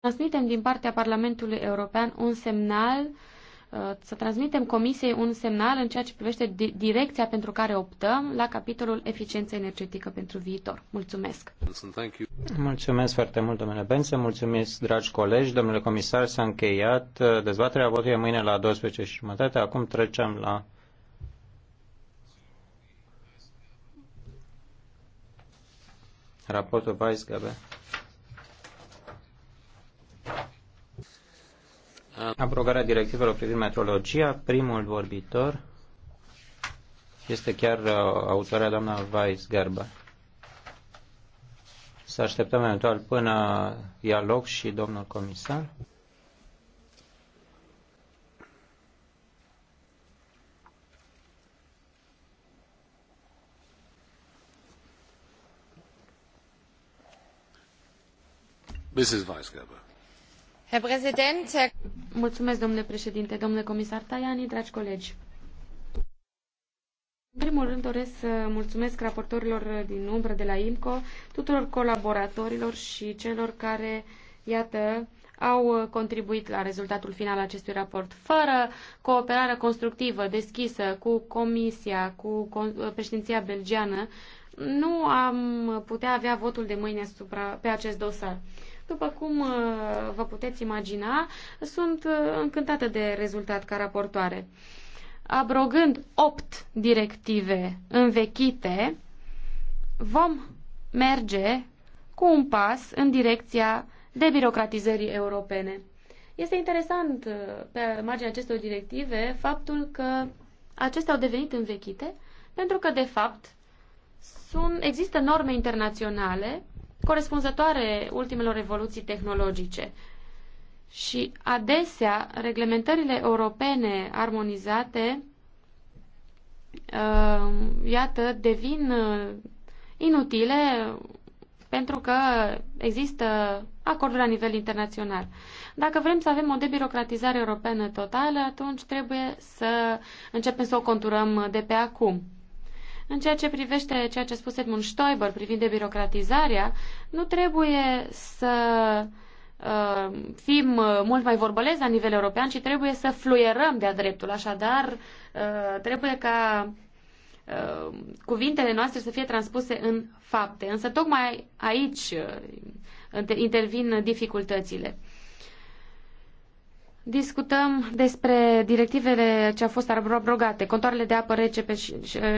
transmitem din partea Parlamentului European un semnal, uh, să transmitem Comisiei un semnal în ceea ce privește direcția pentru care optăm la capitolul eficiență energetică pentru viitor. Mulțumesc! Mulțumesc foarte mult, domnule Bense, mulțumesc, dragi colegi, domnule comisar, s-a încheiat uh, dezbaterea votului mâine la 12 și jumătate. Acum trecem la raportul Baisgabe. Abrogarea directivelor privind metrologia. Primul vorbitor este chiar uh, autoarea doamna Weiss Gerber. Să așteptăm eventual până ia loc și domnul comisar. Mrs. Weisgerber. Herr Präsident, Herr Mulțumesc, domnule președinte, domnule comisar dragi colegi. În primul rând doresc să mulțumesc raportorilor din umbră de la IMCO, tuturor colaboratorilor și celor care, iată, au contribuit la rezultatul final acestui raport. Fără cooperare constructivă, deschisă cu Comisia, cu președinția belgiană, nu am putea avea votul de mâine asupra, pe acest dosar. După cum uh, vă puteți imagina, sunt uh, încântată de rezultat ca raportoare. Abrogând opt directive învechite, vom merge cu un pas în direcția debirocratizării europene. Este interesant uh, pe marginea acestor directive faptul că acestea au devenit învechite pentru că, de fapt, sunt, există norme internaționale corespunzătoare ultimelor evoluții tehnologice. Și adesea, reglementările europene armonizate, uh, iată, devin uh, inutile pentru că există acorduri la nivel internațional. Dacă vrem să avem o debirocratizare europeană totală, atunci trebuie să începem să o conturăm de pe acum. În ceea ce privește ceea ce a spus Edmund Stoiber privind birocratizarea, nu trebuie să uh, fim mult mai vorbăleți la nivel european, ci trebuie să fluierăm de-a dreptul. Așadar, uh, trebuie ca uh, cuvintele noastre să fie transpuse în fapte. Însă tocmai aici uh, intervin dificultățile. Discutăm despre directivele ce au fost abrogate, contoarele de apă rece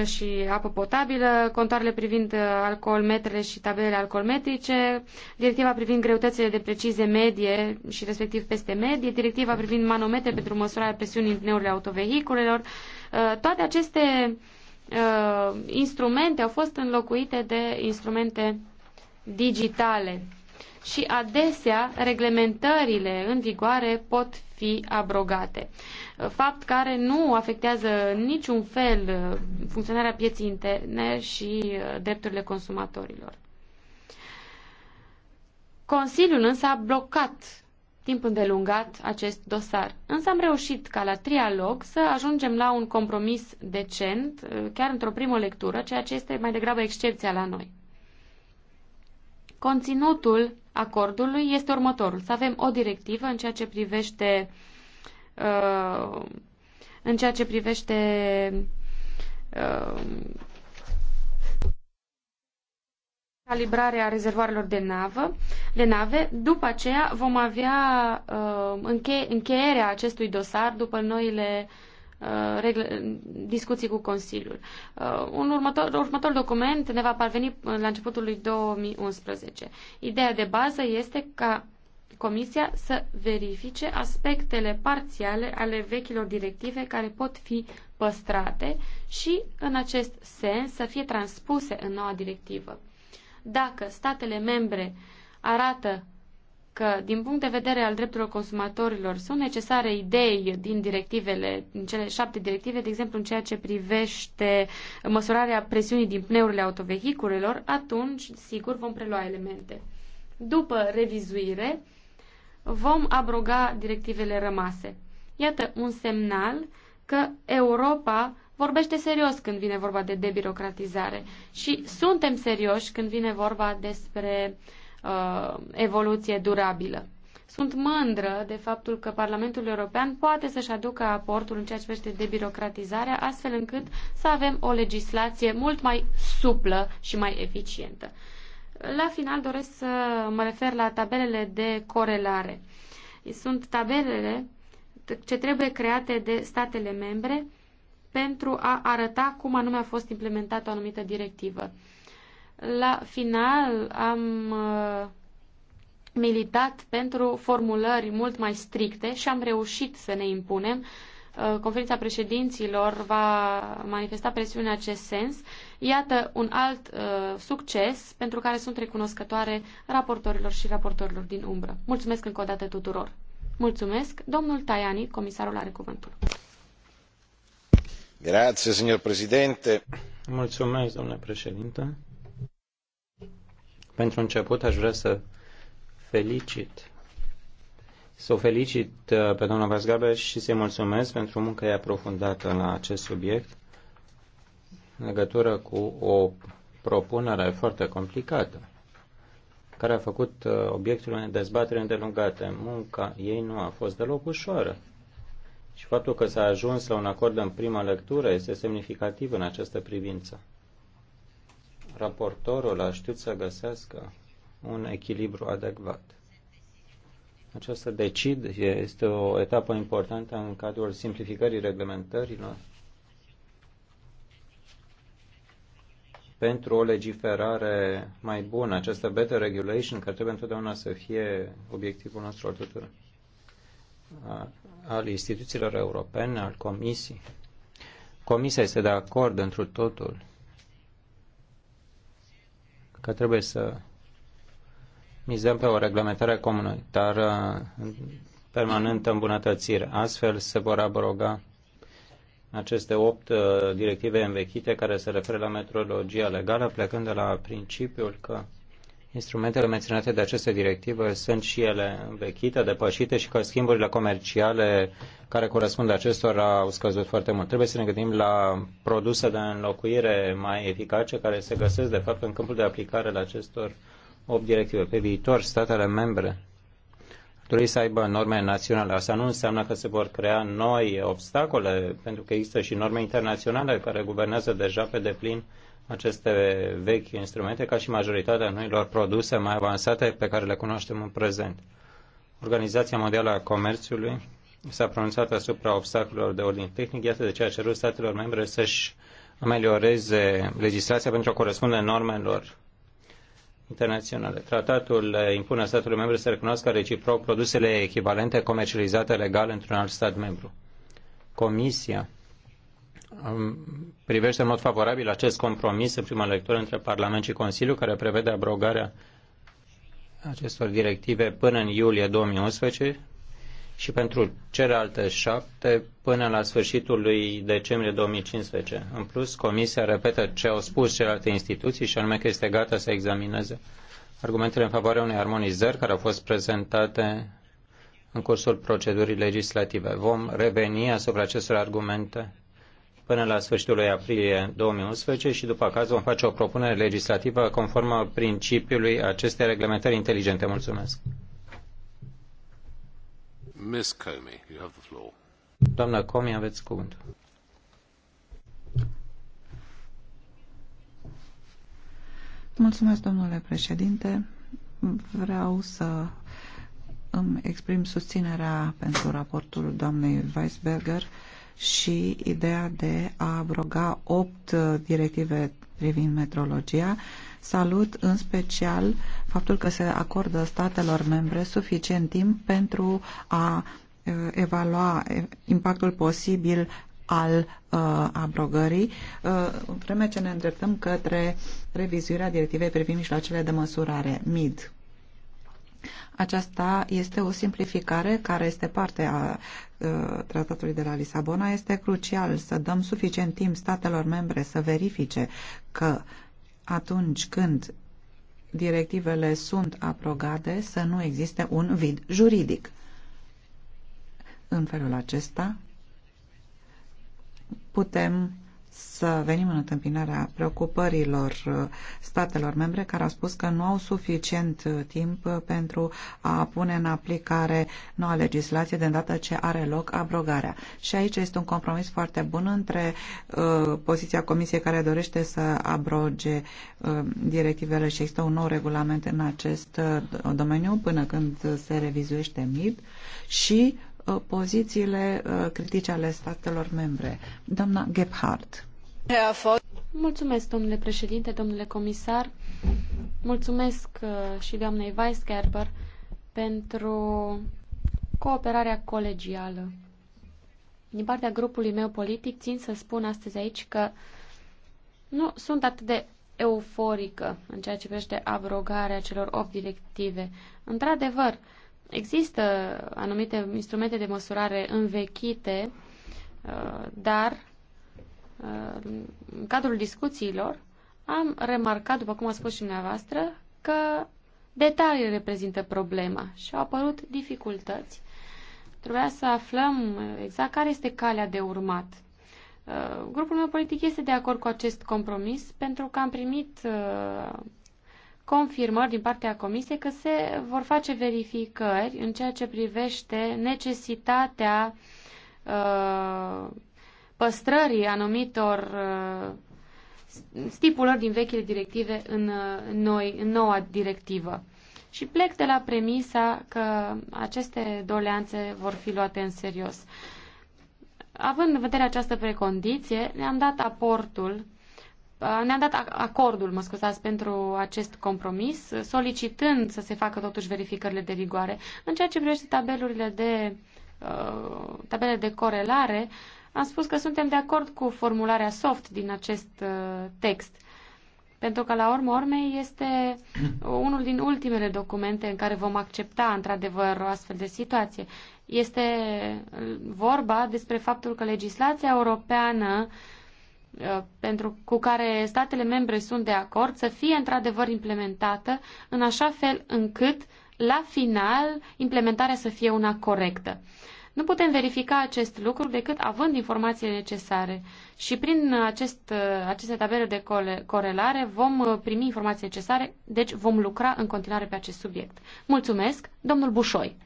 și apă potabilă, contoarele privind uh, alcoolmetrele și tabelele alcoolmetrice, directiva privind greutățile de precizie medie și respectiv peste medie, directiva privind manometre pentru măsurarea presiunii pneurile autovehiculelor. Uh, toate aceste uh, instrumente au fost înlocuite de instrumente digitale și adesea reglementările în vigoare pot fi abrogate. Fapt care nu afectează niciun fel uh, funcționarea pieții interne și uh, drepturile consumatorilor. Consiliul însă a blocat timp îndelungat acest dosar. Însă am reușit ca la trialog să ajungem la un compromis decent, uh, chiar într-o primă lectură, ceea ce este mai degrabă excepția la noi. Conținutul acordului este următorul. Să avem o directivă în ceea ce privește uh, în ceea ce privește uh, calibrarea rezervoarelor de navă, de nave. După aceea vom avea uh, înche- încheierea acestui dosar după noile uh, Uh, regle, discuții cu Consiliul. Uh, un următor, următor document ne va parveni la începutul lui 2011. Ideea de bază este ca Comisia să verifice aspectele parțiale ale vechilor directive care pot fi păstrate și, în acest sens, să fie transpuse în noua directivă. Dacă statele membre arată că, din punct de vedere al drepturilor consumatorilor, sunt necesare idei din directivele, din cele șapte directive, de exemplu în ceea ce privește măsurarea presiunii din pneurile autovehiculelor, atunci, sigur, vom prelua elemente. După revizuire, vom abroga directivele rămase. Iată un semnal că Europa vorbește serios când vine vorba de debirocratizare și suntem serioși când vine vorba despre uh, uh, evoluție durabilă. Sunt mândră de faptul că Parlamentul European poate să-și aducă aportul în ceea ce privește debirocratizarea, astfel încât să avem o legislație mult mai suplă și mai eficientă. La final doresc să mă refer la tabelele de corelare. Sunt tabelele ce trebuie create de statele membre pentru a arăta cum anume a fost implementată o anumită directivă. La final am uh, militat pentru formulări mult mai stricte și am reușit să ne impunem. Uh, conferința președinților va manifesta presiune în acest sens. Iată un alt uh, succes pentru care sunt recunoscătoare raportorilor și raportorilor din umbră. Mulțumesc încă o dată tuturor. Mulțumesc. Domnul Tajani, comisarul, are cuvântul. Grazie, signor președinte. Mulțumesc, domnule președinte. Pentru început aș vrea să felicit să o felicit uh, pe doamna Vasgabe și să-i mulțumesc pentru munca ei aprofundată la acest subiect în legătură cu o propunere foarte complicată care a făcut uh, obiectul unei dezbatere îndelungate. Munca ei nu a fost deloc ușoară. Și faptul că s-a ajuns la un acord în prima lectură este semnificativ în această privință raportorul a știut să găsească un echilibru adecvat. Această decid este o etapă importantă în cadrul simplificării reglementărilor pentru o legiferare mai bună, această better regulation, care trebuie întotdeauna să fie obiectivul nostru al tuturor, al instituțiilor europene, al comisii. Comisia este de acord într-un totul că trebuie să mizăm pe o reglementare comunitară permanentă îmbunătățire. Astfel se vor abroga aceste opt uh, directive învechite care se referă la metodologia legală, plecând de la principiul că Instrumentele menționate de aceste directivă sunt și ele învechite, depășite și că schimburile comerciale care corespund acestora au scăzut foarte mult. Trebuie să ne gândim la produse de înlocuire mai eficace care se găsesc, de fapt, în câmpul de aplicare la acestor 8 directive. Pe viitor, statele membre trebuie să aibă norme naționale. Asta nu înseamnă că se vor crea noi obstacole, pentru că există și norme internaționale care guvernează deja pe deplin aceste vechi instrumente ca și majoritatea noilor produse mai avansate pe care le cunoaștem în prezent. Organizația Mondială a Comerțului s-a pronunțat asupra obstacolelor de ordin tehnic, iată de ce a cerut statelor membre să-și amelioreze legislația pentru a corespunde normelor internaționale. Tratatul impune statelor membre să recunoască reciproc produsele echivalente comercializate legal într-un alt stat membru. Comisia privește în mod favorabil acest compromis în prima lectură între Parlament și Consiliu, care prevede abrogarea acestor directive până în iulie 2011 și pentru celelalte șapte până la sfârșitul lui decembrie 2015. În plus, Comisia repetă ce au spus celelalte instituții și anume că este gata să examineze argumentele în favoarea unei armonizări care au fost prezentate în cursul procedurii legislative. Vom reveni asupra acestor argumente până la sfârșitul lui aprilie 2011 și după caz vom face o propunere legislativă conformă principiului acestei reglementări inteligente. Mulțumesc. Ms. Comey, you have the floor. Doamna Comey, aveți cuvântul. Mulțumesc, domnule președinte. Vreau să îmi exprim susținerea pentru raportul doamnei Weisberger și ideea de a abroga opt uh, directive privind metrologia. Salut în special faptul că se acordă statelor membre suficient timp pentru a uh, evalua impactul posibil al uh, abrogării, uh, în vreme ce ne îndreptăm către revizuirea directivei privind mijloacele de măsurare, MID. Aceasta este o simplificare care este parte a ă, tratatului de la Lisabona. Este crucial să dăm suficient timp statelor membre să verifice că atunci când directivele sunt aprogate să nu existe un vid juridic. În felul acesta putem să venim în întâmpinarea preocupărilor uh, statelor membre care au spus că nu au suficient uh, timp uh, pentru a pune în aplicare noua legislație de îndată ce are loc abrogarea. Și aici este un compromis foarte bun între uh, poziția Comisiei care dorește să abroge uh, directivele și există un nou regulament în acest uh, domeniu până când se revizuiește MIB și Uh, pozițiile uh, critice ale statelor membre. Doamna Gebhardt. Mulțumesc, domnule președinte, domnule comisar. Mulțumesc uh, și doamnei Weisgerber pentru cooperarea colegială. Din partea grupului meu politic, țin să spun astăzi aici că nu sunt atât de euforică în ceea ce privește abrogarea celor 8 directive. Într-adevăr, uh, Există anumite instrumente de măsurare învechite, uh, dar uh, în cadrul discuțiilor am remarcat, după cum a spus și dumneavoastră, că detaliile reprezintă problema și au apărut dificultăți. Trebuia să aflăm exact care este calea de urmat. Uh, grupul meu politic este de acord cu acest compromis pentru că am primit confirmări din partea Comisiei că se vor face verificări în ceea ce privește necesitatea uh, păstrării anumitor uh, stipulări din vechile directive în, uh, noi, în noua directivă. Și plec de la premisa că aceste doleanțe vor fi luate în serios. Având în vedere această precondiție, ne-am dat aportul Uh, ne a dat acordul, mă scuzați, pentru acest compromis, solicitând să se facă totuși verificările de rigoare. În ceea ce privește tabelurile de, uh, tabele de corelare, am spus că suntem de acord cu formularea soft din acest uh, text. Pentru că, la urmă urmei, este unul din ultimele documente în care vom accepta, într-adevăr, o astfel de situație. Este uh, vorba despre faptul că legislația europeană uh, Uh, pentru, cu care statele membre sunt de acord să fie într-adevăr implementată în așa fel încât, la final, implementarea să fie una corectă. Nu putem verifica acest lucru decât având informațiile necesare și prin acest, uh, aceste tabele de corelare vom uh, primi informații necesare, deci vom lucra în continuare pe acest subiect. Mulțumesc, domnul Bușoi.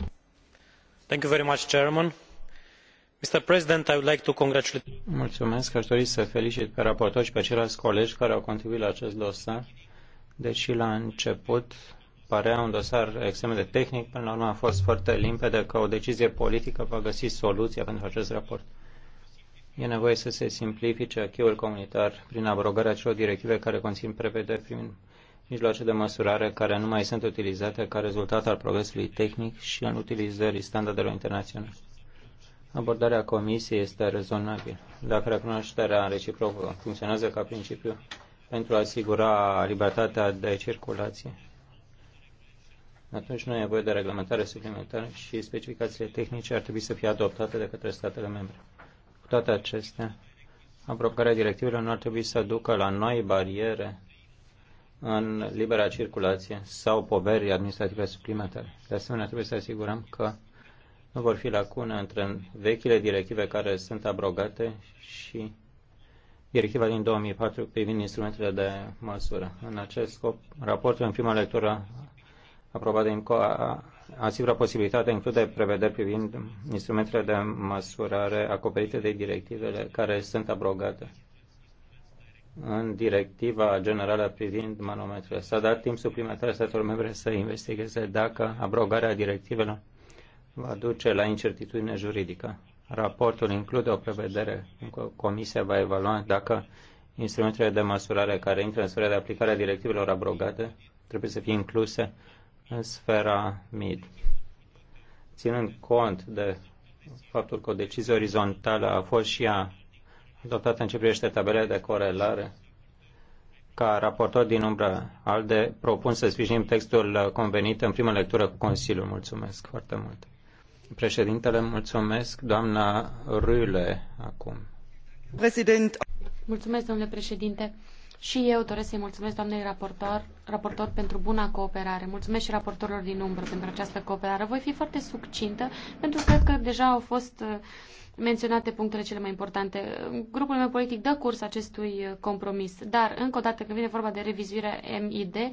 Thank you very much, Chairman a dori să felicit pe raportor și pe ceilalți colegi care au contribuit la acest dosar, deși deci la început părea un dosar extrem de tehnic, până la urmă a fost foarte limpede că o decizie politică va găsi soluția pentru acest raport. E nevoie să se simplifice acheul comunitar prin abrogarea celor directive care conțin prevederi privind mijloace de măsurare care nu mai sunt utilizate ca rezultat al progresului tehnic și al utilizării standardelor internaționale Abordarea Comisiei este rezonabilă. Dacă recunoașterea reciprocă funcționează ca principiu pentru a asigura libertatea de circulație, atunci nu e nevoie de reglementare suplimentară și specificațiile tehnice ar trebui să fie adoptate de către statele membre. Cu toate acestea, aprobarea directivelor nu ar trebui să ducă la noi bariere în libera circulație sau poveri administrative suplimentare. De asemenea, trebuie să asigurăm că nu vor fi lacune între vechile directive care sunt abrogate și directiva din 2004 privind instrumentele de măsură. În acest scop, raportul în prima lectură aprobat de IMCO asigură posibilitatea de include prevederi privind instrumentele de măsurare acoperite de directivele care sunt abrogate în directiva generală privind manometrele. S-a dat timp suplimentar statelor membre să investigheze dacă abrogarea directivelor va duce la incertitudine juridică. Raportul include o prevedere în care Comisia va evalua dacă instrumentele de măsurare care intră în sfera de aplicare a directivelor abrogate trebuie să fie incluse în sfera MID. Ținând cont de faptul că o decizie orizontală a fost și ea adoptată în ce privește tabele de corelare, ca raportor din umbră ALDE propun să sprijinim textul convenit în primă lectură cu Consiliul. Mulțumesc foarte mult. Președintele, mulțumesc. Doamna Râle, acum. President. Mulțumesc, domnule președinte. Și eu doresc să-i mulțumesc doamnei raportor, raportor pentru buna cooperare. Mulțumesc și raportorilor din umbră pentru această cooperare. Voi fi foarte succintă pentru că cred că deja au fost uh, menționate punctele cele mai importante. Grupul meu politic dă curs acestui uh, compromis, dar încă o dată când vine vorba de revizuirea MID, uh,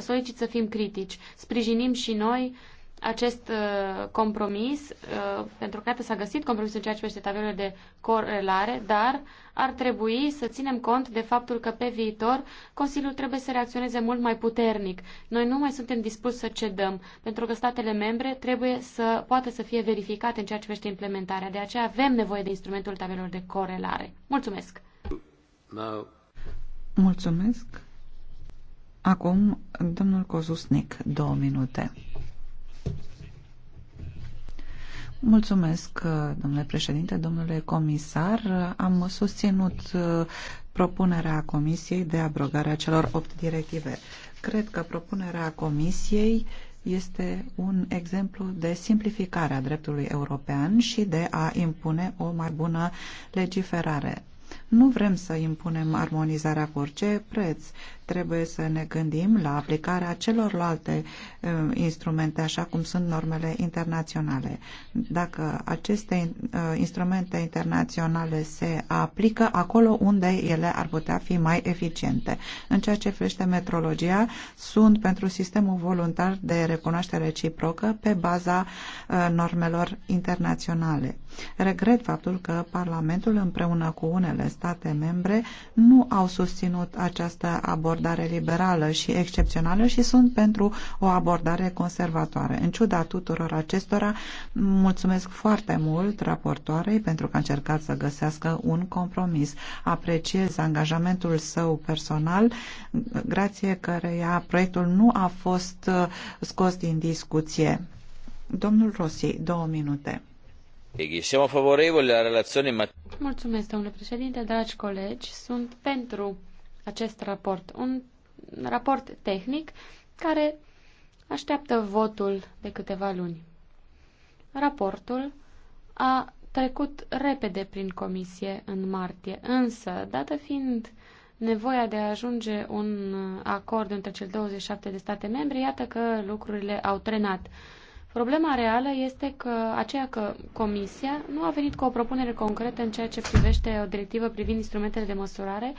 solicit să fim critici. Sprijinim și noi uh, acest uh, compromis, uh, pentru că iată s-a găsit compromis în ceea ce privește tabelele de corelare, dar ar trebui să ținem cont de faptul că pe viitor Consiliul trebuie să reacționeze mult mai puternic. Noi nu mai suntem dispuși să cedăm, pentru că statele membre trebuie să poată să fie verificate în ceea ce privește implementarea. De aceea avem nevoie de instrumentul tabelor de corelare. Mulțumesc! Now. Mulțumesc! Acum, domnul Cozusnic, două minute. Mulțumesc, uh, domnule președinte, domnule comisar. Am susținut uh, propunerea Comisiei de abrogare a celor opt directive. Cred că propunerea Comisiei este un exemplu de simplificare a dreptului european și de a impune o mai bună legiferare. Nu vrem să impunem armonizarea cu orice preț. Trebuie să ne gândim la aplicarea celorlalte uh, instrumente, așa cum sunt normele internaționale. Dacă aceste uh, instrumente internaționale se aplică acolo unde ele ar putea fi mai eficiente. În ceea ce privește metrologia, sunt pentru sistemul voluntar de recunoaștere reciprocă pe baza uh, normelor internaționale. Regret faptul că Parlamentul împreună cu unele state membre nu au susținut această abordare liberală și excepțională și sunt pentru o abordare conservatoare. În ciuda tuturor acestora, mulțumesc foarte mult raportoarei pentru că a încercat să găsească un compromis. Apreciez angajamentul său personal, grație căreia proiectul nu a fost scos din discuție. Domnul Rossi, două minute. Siamo favorevoli la relazione Mulțumesc, domnule președinte, dragi colegi. Sunt pentru acest raport. Un raport tehnic care așteaptă votul de câteva luni. Raportul a trecut repede prin comisie în martie, însă, dată fiind nevoia de a ajunge un acord între cele 27 de state membre, iată că lucrurile au trenat. Problema reală este că aceea că Comisia nu a venit cu o propunere concretă în ceea ce privește o directivă privind instrumentele de măsurare,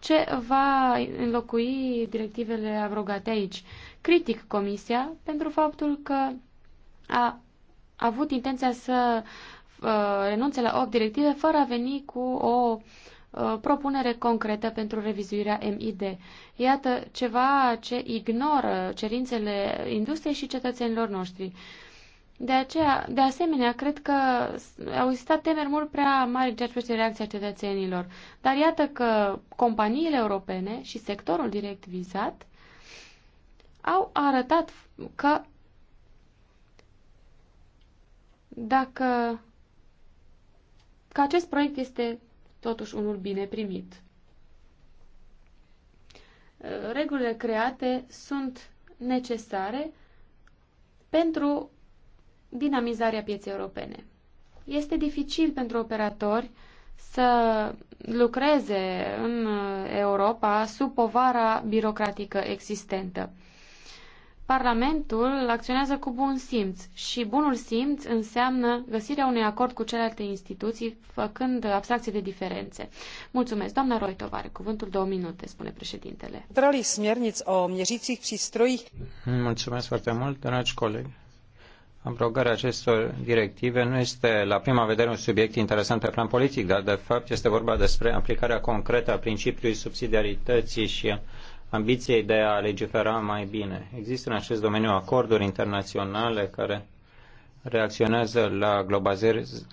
ce va înlocui directivele abrogate aici. Critic Comisia pentru faptul că a avut intenția să uh, renunțe la 8 directive fără a veni cu o uh, Uh, propunere concretă pentru revizuirea MID. Iată ceva ce ignoră cerințele industriei și cetățenilor noștri. De, aceea, de asemenea, cred că au existat temeri mult prea mari în ceea ce privește reacția cetățenilor. Dar iată că companiile europene și sectorul direct vizat au arătat că dacă că acest proiect este totuși unul bine primit. Regulile create sunt necesare pentru dinamizarea pieței europene. Este dificil pentru operatori să lucreze în Europa sub povara birocratică existentă. Parlamentul acționează cu bun simț și bunul simț înseamnă găsirea unui acord cu celelalte instituții, făcând abstracție de diferențe. Mulțumesc. Doamna Roitova cuvântul două minute, spune președintele. Mulțumesc foarte mult, dragi colegi. Abrogarea acestor directive nu este la prima vedere un subiect interesant pe plan politic, dar de fapt este vorba despre aplicarea concretă a principiului subsidiarității și a ambiției de a legifera mai bine. Există în acest domeniu acorduri internaționale care reacționează la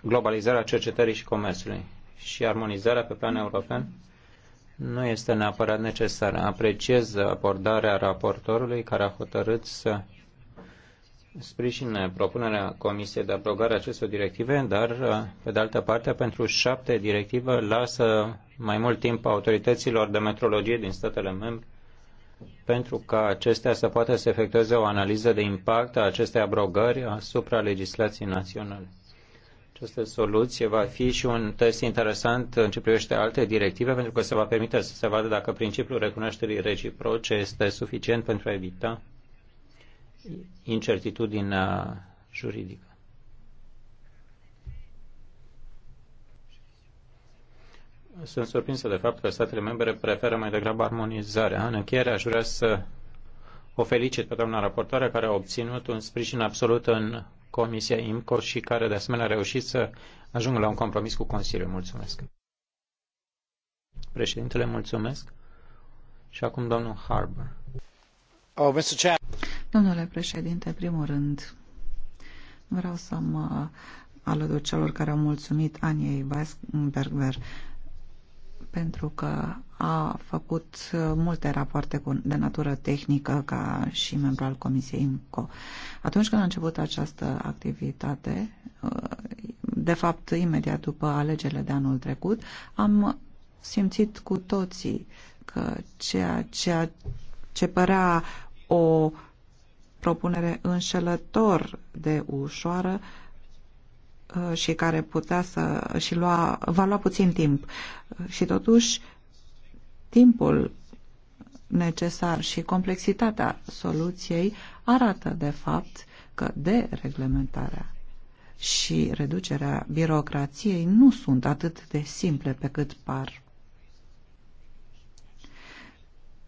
globalizarea cercetării și comerțului și armonizarea pe plan european nu este neapărat necesară. Apreciez abordarea raportorului care a hotărât să sprijine propunerea Comisiei de abrogare a acestor directive, dar, pe de altă parte, pentru șapte directive lasă mai mult timp autorităților de metrologie din statele membre pentru ca acestea să poată să efectueze o analiză de impact a acestei abrogări asupra legislației naționale. Această soluție va fi și un test interesant în ce privește alte directive, pentru că se va permite să se vadă dacă principiul recunoașterii reciproce este suficient pentru a evita incertitudinea juridică. sunt surprinsă de fapt că statele membre preferă mai degrabă armonizarea. În încheiere aș vrea să o felicit pe doamna raportoare care a obținut un sprijin absolut în Comisia IMCO și care de asemenea a reușit să ajungă la un compromis cu Consiliul. Mulțumesc. Președintele, mulțumesc. Și acum domnul Harbour. Oh, Mr. Chair. Domnule președinte, primul rând, vreau să mă alături celor care au mulțumit Aniei Weisberger pentru că a făcut uh, multe rapoarte de natură tehnică ca și membru al Comisiei IMCO. Atunci când a început această activitate, uh, de fapt imediat după alegerile de anul trecut, am simțit cu toții că ceea, ceea ce părea o propunere înșelător de ușoară Uh, și care putea să și lua, va lua puțin timp. Uh, și totuși, timpul necesar și complexitatea soluției arată de fapt că dereglementarea și reducerea birocrației nu sunt atât de simple pe cât par.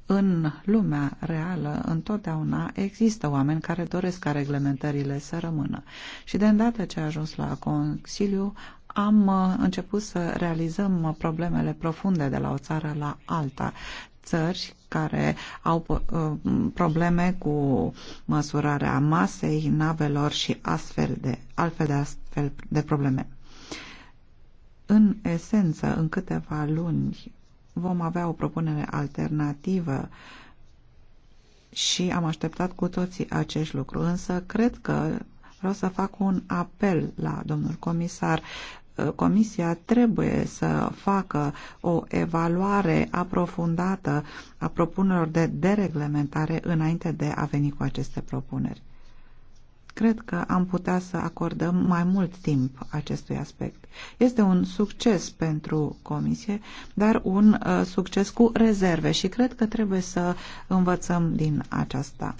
în lumea reală întotdeauna există oameni care doresc ca reglementările să rămână. Și de îndată ce a ajuns la Consiliu, am uh, început să realizăm problemele profunde de la o țară la alta. Țări care au uh, probleme cu măsurarea masei navelor și astfel de, altfel de astfel de probleme. În esență, în câteva luni vom avea o propunere alternativă și am așteptat cu toții acest lucru, însă cred că vreau să fac un apel la domnul comisar. Comisia trebuie să facă o evaluare aprofundată a propunerilor de dereglementare înainte de a veni cu aceste propuneri. Cred că am putea să acordăm mai mult timp acestui aspect. Este un succes pentru Comisie, dar un uh, succes cu rezerve și cred că trebuie să învățăm din aceasta.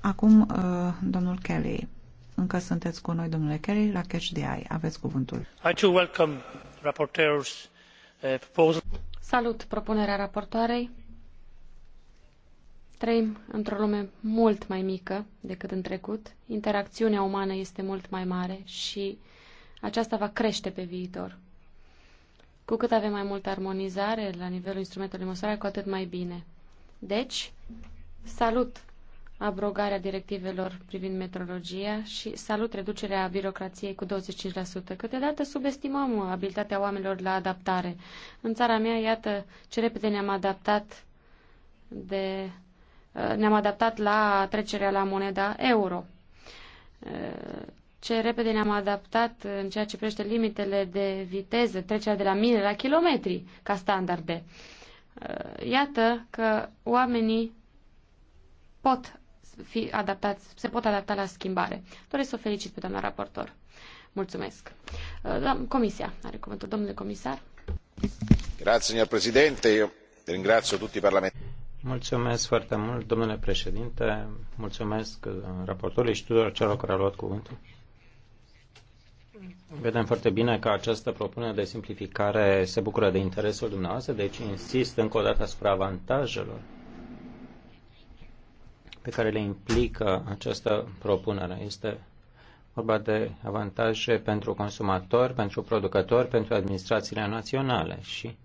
Acum, uh, domnul Kelly. Încă sunteți cu noi, domnule Kelly, la Cash Eye. Aveți cuvântul. I welcome uh, Salut propunerea raportoarei Trăim într-o lume mult mai mică decât în trecut, interacțiunea umană este mult mai mare și aceasta va crește pe viitor. Cu cât avem mai multă armonizare la nivelul instrumentelor de măsurare, cu atât mai bine. Deci, salut abrogarea directivelor privind metrologia și salut reducerea birocrației cu 25%. Câteodată subestimăm abilitatea oamenilor la adaptare. În țara mea, iată ce repede ne-am adaptat de ne-am adaptat la trecerea la moneda euro. Ce repede ne-am adaptat în ceea ce privește limitele de viteză, trecerea de la mile la kilometri ca standarde. Iată că oamenii pot fi adaptați, se pot adapta la schimbare. Doresc să o felicit pe doamna raportor. Mulțumesc. Comisia are cuvântul. Domnule comisar. Grazie, signor Presidente. Eu ringrazio tutti i parlamentari. Mulțumesc foarte mult, domnule președinte. Mulțumesc uh, raportorului și tuturor celor care au luat cuvântul. Vedem foarte bine că această propunere de simplificare se bucură de interesul dumneavoastră, deci insist încă o dată asupra avantajelor pe care le implică această propunere. Este vorba de avantaje pentru consumatori, pentru producători, pentru administrațiile naționale și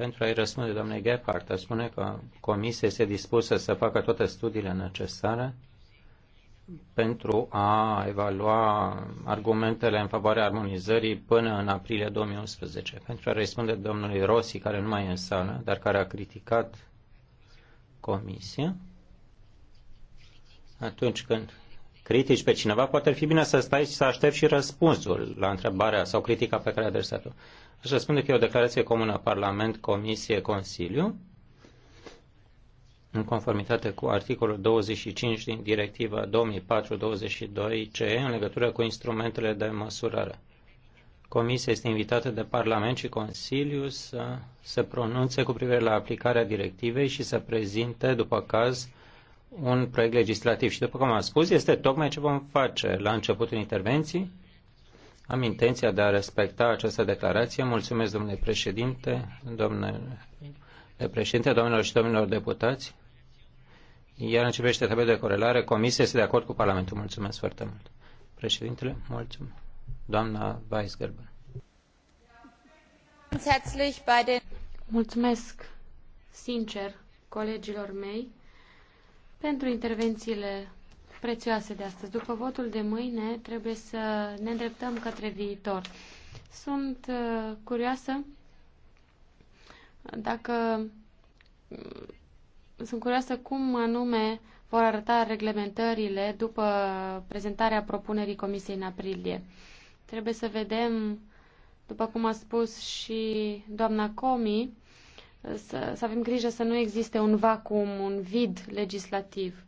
pentru a-i răspunde domnului Gephardt, a spune că Comisia este dispusă să facă toate studiile necesare pentru a evalua argumentele în favoarea armonizării până în aprilie 2011. Pentru a răspunde domnului Rossi, care nu mai e în sală, dar care a criticat Comisia, atunci când critici pe cineva, poate ar fi bine să stai și să aștepți și răspunsul la întrebarea sau critica pe care a adresat-o. Aș răspunde că e o declarație comună Parlament, Comisie, Consiliu, în conformitate cu articolul 25 din Directiva 2004-22-CE în legătură cu instrumentele de măsurare. Comisia este invitată de Parlament și Consiliu să se pronunțe cu privire la aplicarea directivei și să prezinte, după caz, un proiect legislativ. Și după cum am spus, este tocmai ce vom face la începutul intervenției. Am intenția de a respecta această declarație. Mulțumesc, domnule președinte, domnule președinte, domnilor și domnilor deputați. Iar începește tabelul de corelare. Comisia este de acord cu Parlamentul. Mulțumesc foarte mult. Președintele, mulțumesc. Doamna Weisgerber. Mulțumesc sincer colegilor mei pentru intervențiile prețioase de astăzi. După votul de mâine trebuie să ne îndreptăm către viitor. Sunt uh, curioasă dacă mm, sunt curioasă cum anume vor arăta reglementările după prezentarea propunerii Comisiei în aprilie. Trebuie să vedem, după cum a spus și doamna Comi, să, să avem grijă să nu existe un vacuum, un vid legislativ.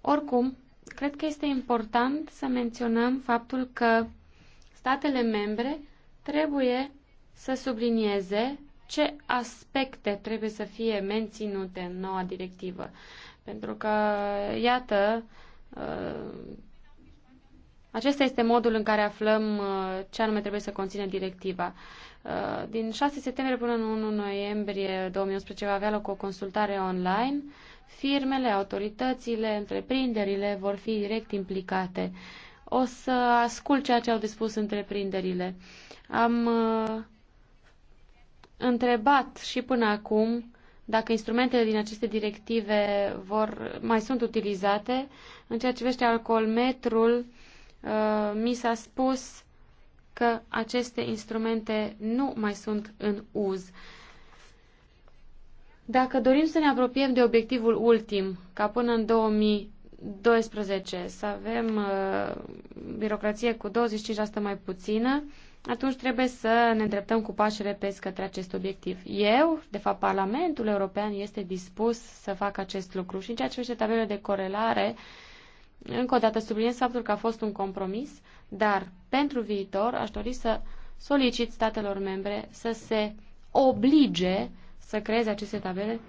Oricum, cred că este important să menționăm faptul că statele membre trebuie să sublinieze ce aspecte trebuie să fie menținute în noua directivă. Pentru că, iată, uh, acesta este modul în care aflăm uh, ce anume trebuie să conține directiva. Uh, din 6 septembrie până în 1 noiembrie 2011 va avea loc o consultare online. Firmele, autoritățile, întreprinderile vor fi direct implicate. O să ascult ceea ce au de spus întreprinderile. Am uh, întrebat și până acum dacă instrumentele din aceste directive vor mai sunt utilizate în ceea ce vește alcoolmetrul Uh, mi s-a spus că aceste instrumente nu mai sunt în uz. Dacă dorim să ne apropiem de obiectivul ultim, ca până în 2012 să avem uh, birocrație cu 25% mai puțină, atunci trebuie să ne îndreptăm cu pași repezi către acest obiectiv. Eu, de fapt Parlamentul European, este dispus să facă acest lucru și în ceea ce privește tabelele de corelare uh, încă o dată subliniez faptul că a fost un compromis, dar pentru viitor aș dori să solicit statelor membre să se oblige să creeze aceste tabele,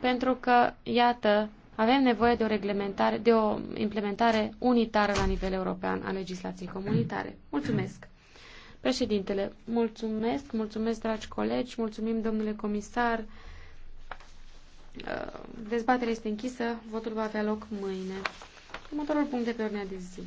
pentru că, iată, avem nevoie de o reglementare, de o implementare unitară la nivel european a legislației comunitare. Mulțumesc! Președintele, mulțumesc, mulțumesc, dragi colegi, mulțumim, domnule comisar. Dezbaterea este închisă, votul va avea loc mâine. Următorul punct de pe ordinea de zi.